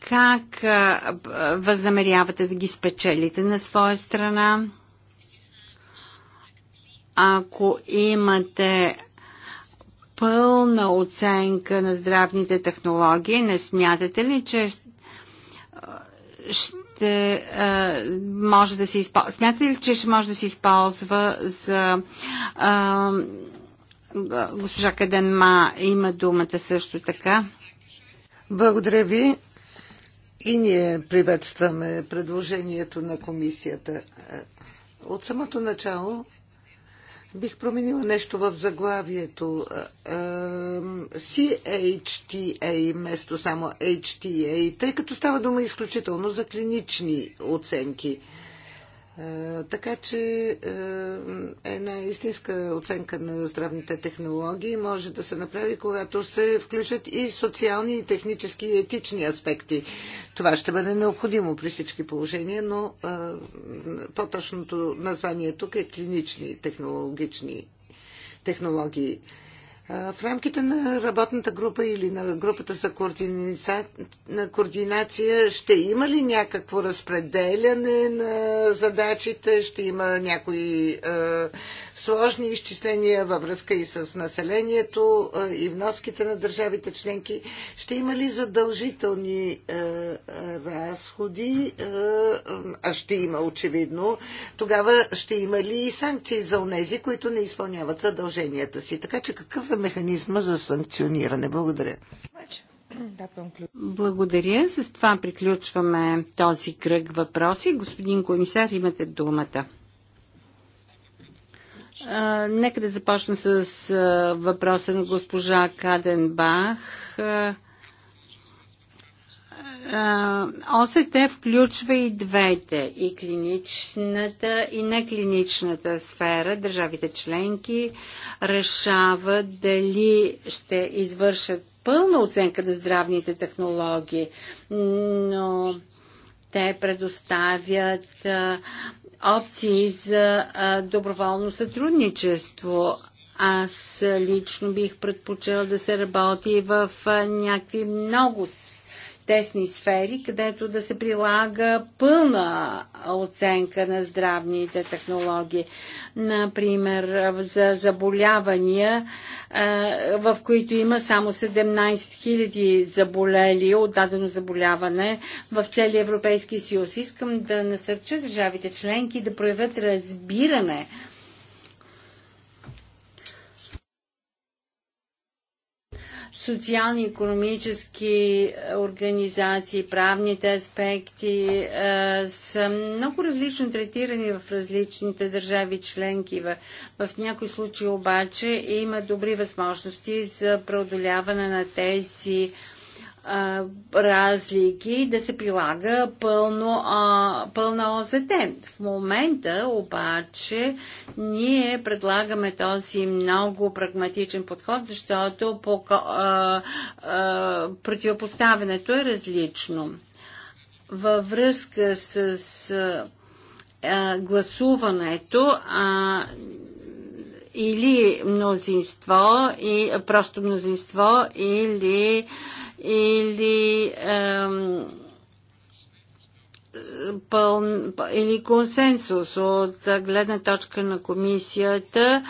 Как възнамерявате да ги спечелите на своя страна? Ако имате пълна оценка на здравните технологии, не смятате ли, че ще ще а, може да се използва? Смятате ли, че ще може да се използва за а, госпожа Каденма има думата също така? Благодаря ви. И ние приветстваме предложението на комисията. От самото начало Бих променила нещо в заглавието. CHTA вместо само HTA, тъй като става дума изключително за клинични оценки. Е, така че е, е една истинска оценка на здравните технологии може да се направи, когато се включат и социални, и технически, и етични аспекти. Това ще бъде необходимо при всички положения, но по-точното название тук е клинични технологични технологии. В рамките на работната група или на групата за координация ще има ли някакво разпределяне на задачите? Ще има някои сложни изчисления във връзка и с населението и вноските на държавите членки. Ще има ли задължителни е, е, разходи? Е, а ще има очевидно. Тогава ще има ли и санкции за онези, които не изпълняват задълженията си? Така че какъв е механизма за санкциониране? Благодаря. Благодаря. С това приключваме този кръг въпроси. Господин комисар, имате думата. А, нека да започна с а, въпроса на госпожа Каденбах. А, ОСТ включва и двете, и клиничната, и неклиничната сфера. Държавите членки решават дали ще извършат пълна оценка на здравните технологии, но те предоставят опции за доброволно сътрудничество. Аз лично бих предпочела да се работи в някакви много тесни сфери, където да се прилага пълна оценка на здравните технологии. Например, за заболявания, в които има само 17 000 заболели от дадено заболяване в целия Европейски съюз. Искам да насърча държавите членки да проявят разбиране социални и економически организации, правните аспекти е, са много различно третирани в различните държави членки. В, в някои случаи обаче има добри възможности за преодоляване на тези разлики да се прилага пълно, а, пълна ОЗД. В момента обаче ние предлагаме този много прагматичен подход, защото по, а, а, противопоставянето е различно. Във връзка с а, гласуването, а, или мнозинство, и, просто мнозинство, или а, или ем, пъл, или консенсус от гледна точка на комисията,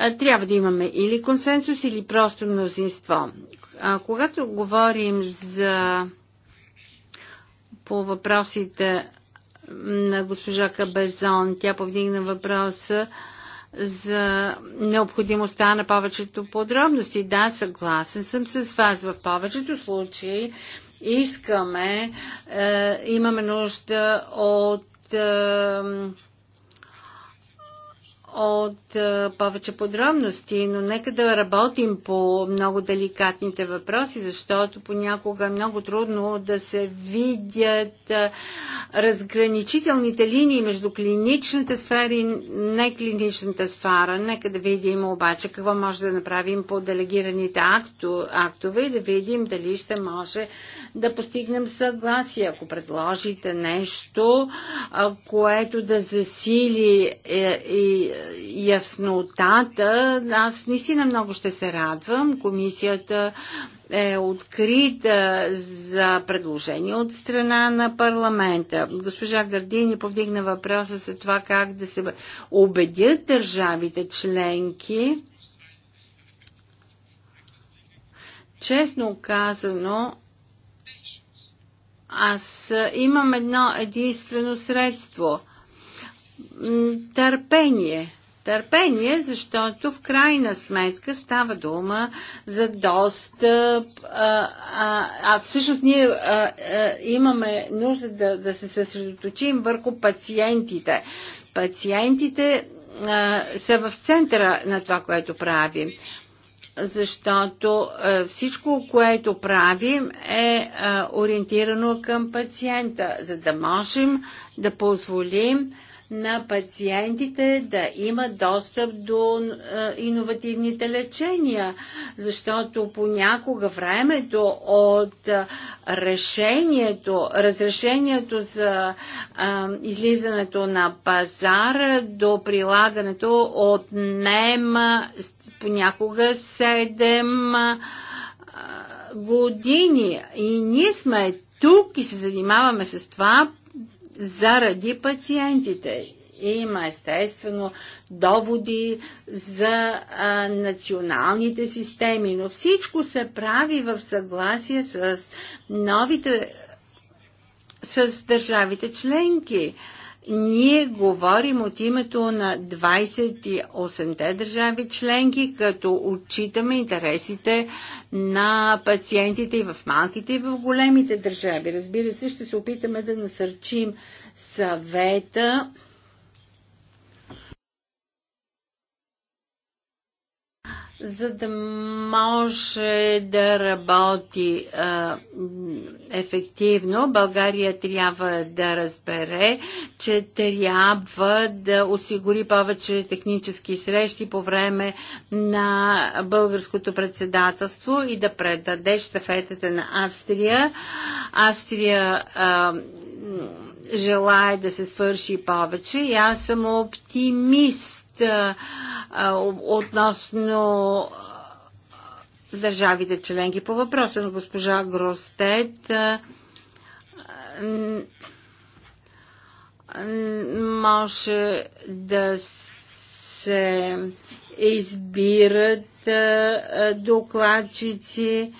е, трябва да имаме или консенсус, или просто мнозинство. А когато говорим за по въпросите на госпожа Кабезон, тя повдигна въпроса за необходимостта на повечето подробности. Да, съгласен съм с вас. В повечето случаи искаме, е, имаме нужда от е, от е, повече подробности, но нека да работим по много деликатните въпроси, защото понякога е много трудно да се видят е, разграничителните линии между клиничната сфера и неклиничната сфера. Нека да видим обаче какво може да направим по делегираните актове и да видим дали ще може да постигнем съгласие. Ако предложите нещо, е, което да засили и яснотата, аз наистина много ще се радвам. Комисията е открита за предложение от страна на парламента. Госпожа Гардини повдигна въпроса за това как да се убедят държавите членки. Честно казано, аз имам едно единствено средство – търпение. Търпение, защото в крайна сметка става дума за достъп, а, а, а всъщност ние а, а, имаме нужда да, да се съсредоточим върху пациентите. Пациентите а, са в центъра на това, което правим защото всичко, което правим е ориентирано към пациента, за да можем да позволим на пациентите да имат достъп до е, иновативните лечения, защото понякога времето от е, решението, разрешението за а, е, излизането на пазара до прилагането отнема понякога 7 години. И ние сме тук и се занимаваме с това заради пациентите. Има естествено доводи за а, националните системи, но всичко се прави в съгласие с новите, с държавите членки. А, ние говорим от името на 28-те държави членки, като отчитаме интересите на пациентите и в малките и в големите държави. Разбира се, ще се опитаме да насърчим съвета за да може да работи а, ефективно, България трябва да разбере, че трябва да осигури повече технически срещи по време на българското председателство и да предаде щафетата на Австрия. Австрия а, желая да се свърши повече и аз съм оптимист е, относно държавите членки. По въпроса на госпожа Гростет, може да се избират докладчици.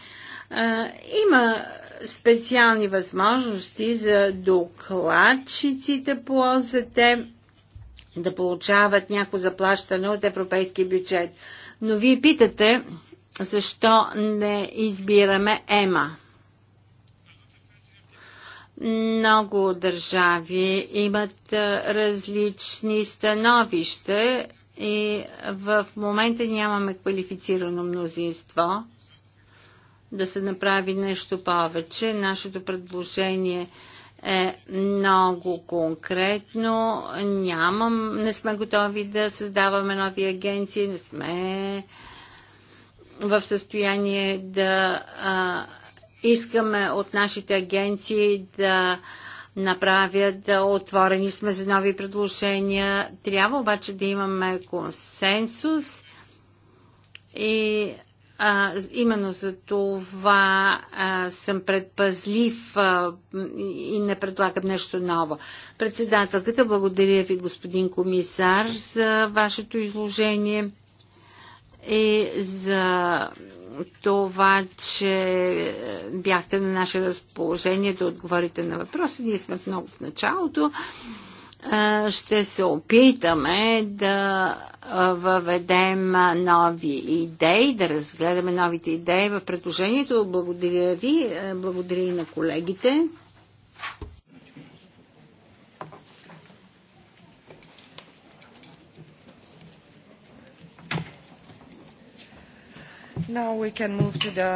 Има специални възможности за докладчиците по ОЗТ да получават някакво заплащане от европейски бюджет. Но вие питате, защо не избираме ЕМА? Много държави имат различни становища и в момента нямаме квалифицирано мнозинство да се направи нещо повече. Нашето предложение е е много конкретно. Нямам, не сме готови да създаваме нови агенции, не сме в състояние да а, искаме от нашите агенции да направят, да отворени сме за нови предложения. Трябва обаче да имаме консенсус и а, именно за това а, съм предпазлив а, и не предлагам нещо ново. Председателката, благодаря ви, господин комисар, за вашето изложение и за това, че бяхте на наше разположение да отговорите на въпроса. Ние сме много в началото ще се опитаме да въведем нови идеи, да разгледаме новите идеи в предложението. Благодаря ви, благодаря и на колегите. Now we can move to the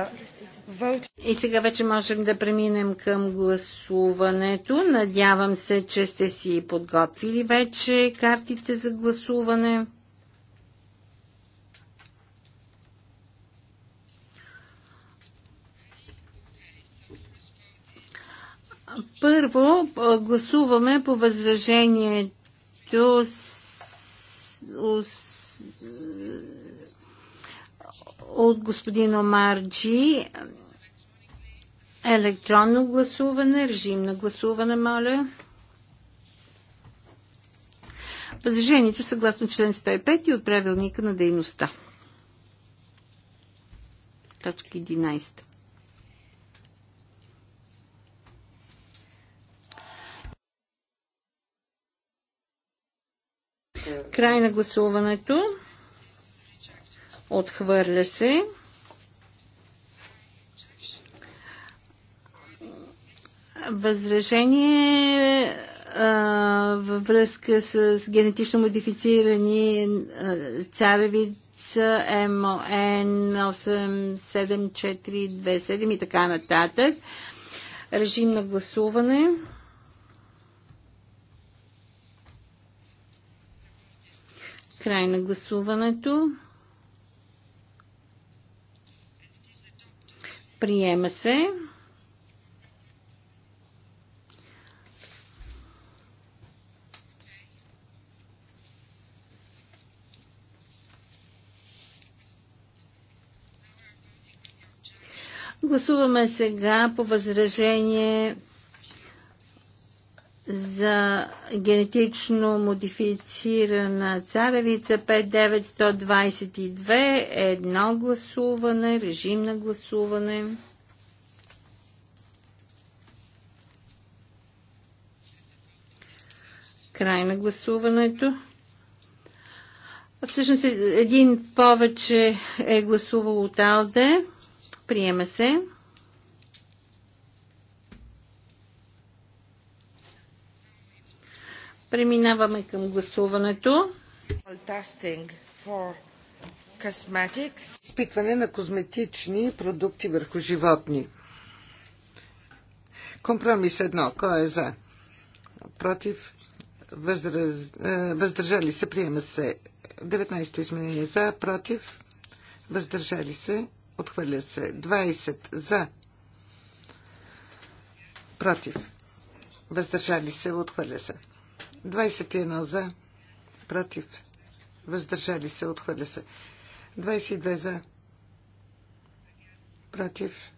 и сега вече можем да преминем към гласуването. Надявам се, че сте си подготвили вече картите за гласуване. Първо гласуваме по възражението от господин Джи. Електронно гласуване, режим на гласуване, моля. Възражението съгласно член 105 от правилника на дейността. Точка 11. Край на гласуването. Отхвърля се. Възражение във връзка с генетично модифицирани царевица МОН 87427 и така нататък. Режим на гласуване. Край на гласуването. Приема се. Гласуваме сега по възражение за генетично модифицирана царевица 59122 едно гласуване, режим на гласуване. Край на гласуването. Всъщност един повече е гласувал от АЛДЕ. Приема се. Преминаваме към гласуването. Изпитване на козметични продукти върху животни. Компромис едно. Кой е за? Против? Възраз... Е, въздържали се? Приема се. 19-то изменение за. Против? Въздържали се? Отхвърля се. 20 за. Против? Въздържали се? Отхвърля се. 21 за, против, въздържали се, отхвърля се. 22 за, против,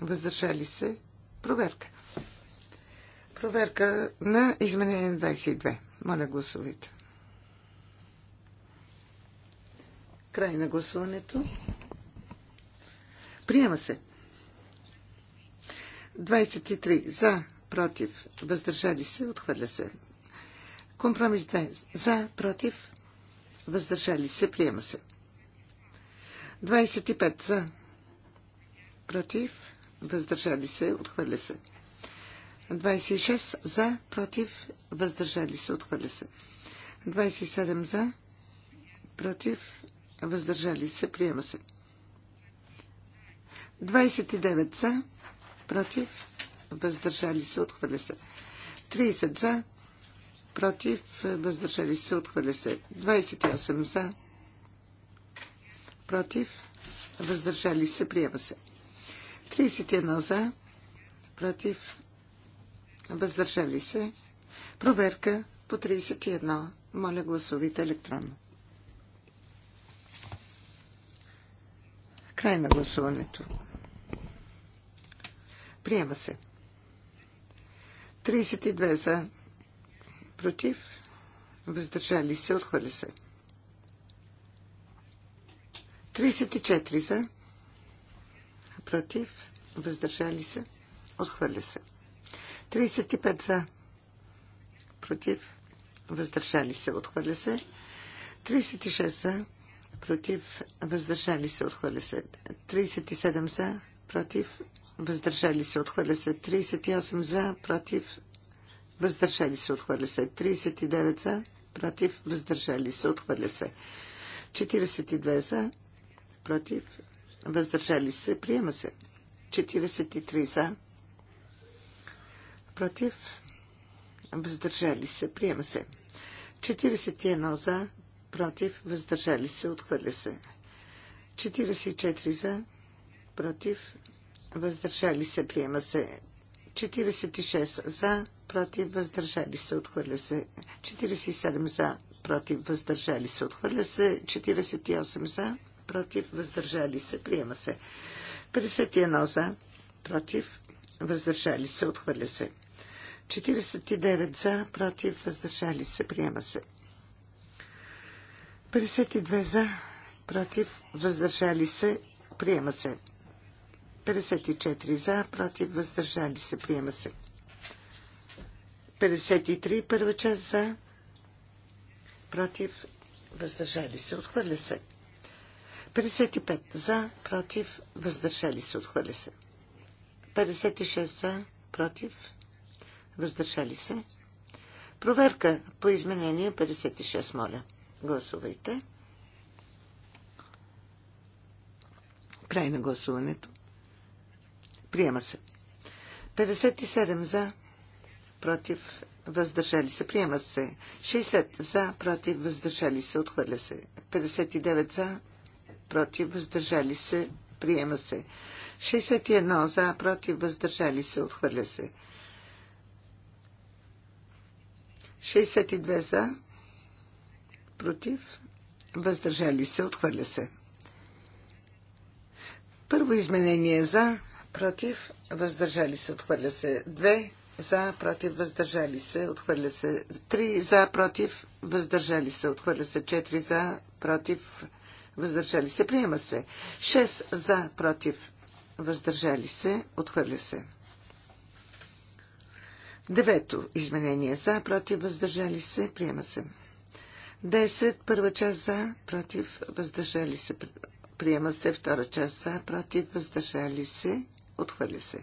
въздържали се, проверка. Проверка на изменение 22. Моля, гласувайте. Край на гласуването. Приема се. 23 за, против, въздържали се, отхвърля се. Компромис 2. За, против, въздържали се, приема се. 25. За, против, въздържали се, отхвърля се. 26. За, против, въздържали се, отхвърля се. 27. За, против, въздържали се, приема се. 29 за, против, въздържали се, отхвърля се. 30 за, против, въздържали се, отхвърля се. 28 за, против, въздържали се, приема се. 31 за, против, въздържали се. Проверка по 31. Моля, гласувайте електронно. Край на гласуването. Приема се. 32 за против, въздържали се, отхвърля се. 34 за, против, въздържали се, отхвърля се. 35 за, против, въздържали се, отхвърля се. 36 за, против, въздържали се, отхвърля се. 37 за, против, въздържали се, отхвърля се. 38 за, против, въздържали се, отхвърля се. 39 за, против, въздържали се, отхвърля се. 42 за, против, въздържали се, приема се. 43 за, против, въздържали се, приема се. 41 за, против, въздържали се, отхвърля се. 44 за, против, въздържали се, приема се. 46 за, против, въздържали се, отхвърля се. 47 за, против, въздържали се, отхвърля се. 48 за, против, въздържали се, приема се. 51 за, против, въздържали се, отхвърля се. 49 за, против, въздържали се, приема се. 52 за, против, въздържали се, приема се. 54 за, против, въздържали се, приема се. 53 първа част за, против, въздържали се, отхвърля се. 55 за, против, въздържали се, отхвърля се. 56 за, против, въздържали се. Проверка по изменение 56, моля. Гласувайте. Край на гласуването. Приема се. 57 за, против, въздържали се. Приема се. 60 за, против, въздържали се. Отхвърля се. 59 за, против, въздържали се. Приема се. 61 за, против, въздържали се. Отхвърля се. 62 за, против, въздържали се. Отхвърля се. Първо изменение за, против, въздържали се. Отхвърля се. 2 за, против, въздържали се, отхвърля се 3 за, против, въздържали се, отхвърля се 4 за, против, въздържали се, приема се 6 за, против, въздържали се, отхвърля се. Девето изменение за, против, въздържали се, приема се. Десет, Първа част за, против, въздържали се, приема се. Втора част за, против, въздържали се, отхвърля се.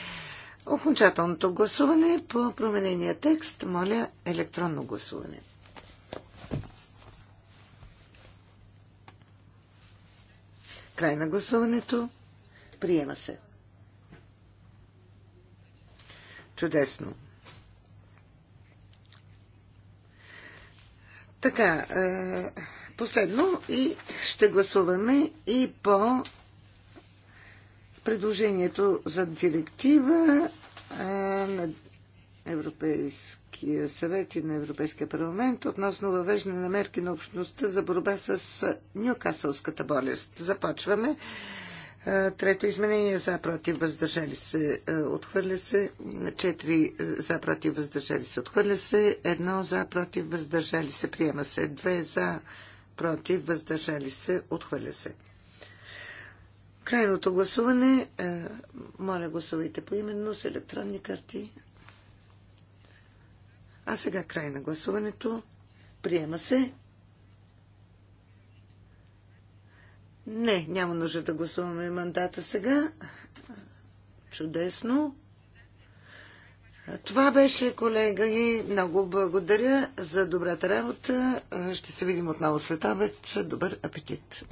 Окончателното гласуване по променения текст, моля електронно гласуване. Край на гласуването. Приема се. Чудесно. Така, е, последно и ще гласуваме и по предложението за директива на Европейския съвет и на Европейския парламент относно въвеждане на мерки на общността за борба с Нюкасълската болест. Започваме. Трето изменение за против въздържали се отхвърля се. Четири за против въздържали се отхвърля се. Едно за против въздържали се приема се. Две за против въздържали се отхвърля се. Крайното гласуване, е, моля гласувайте по именно с електронни карти. А сега край на гласуването. Приема се. Не, няма нужда да гласуваме мандата сега. Чудесно. Това беше, колега и Много благодаря за добрата работа. Ще се видим отново след обед. Добър апетит!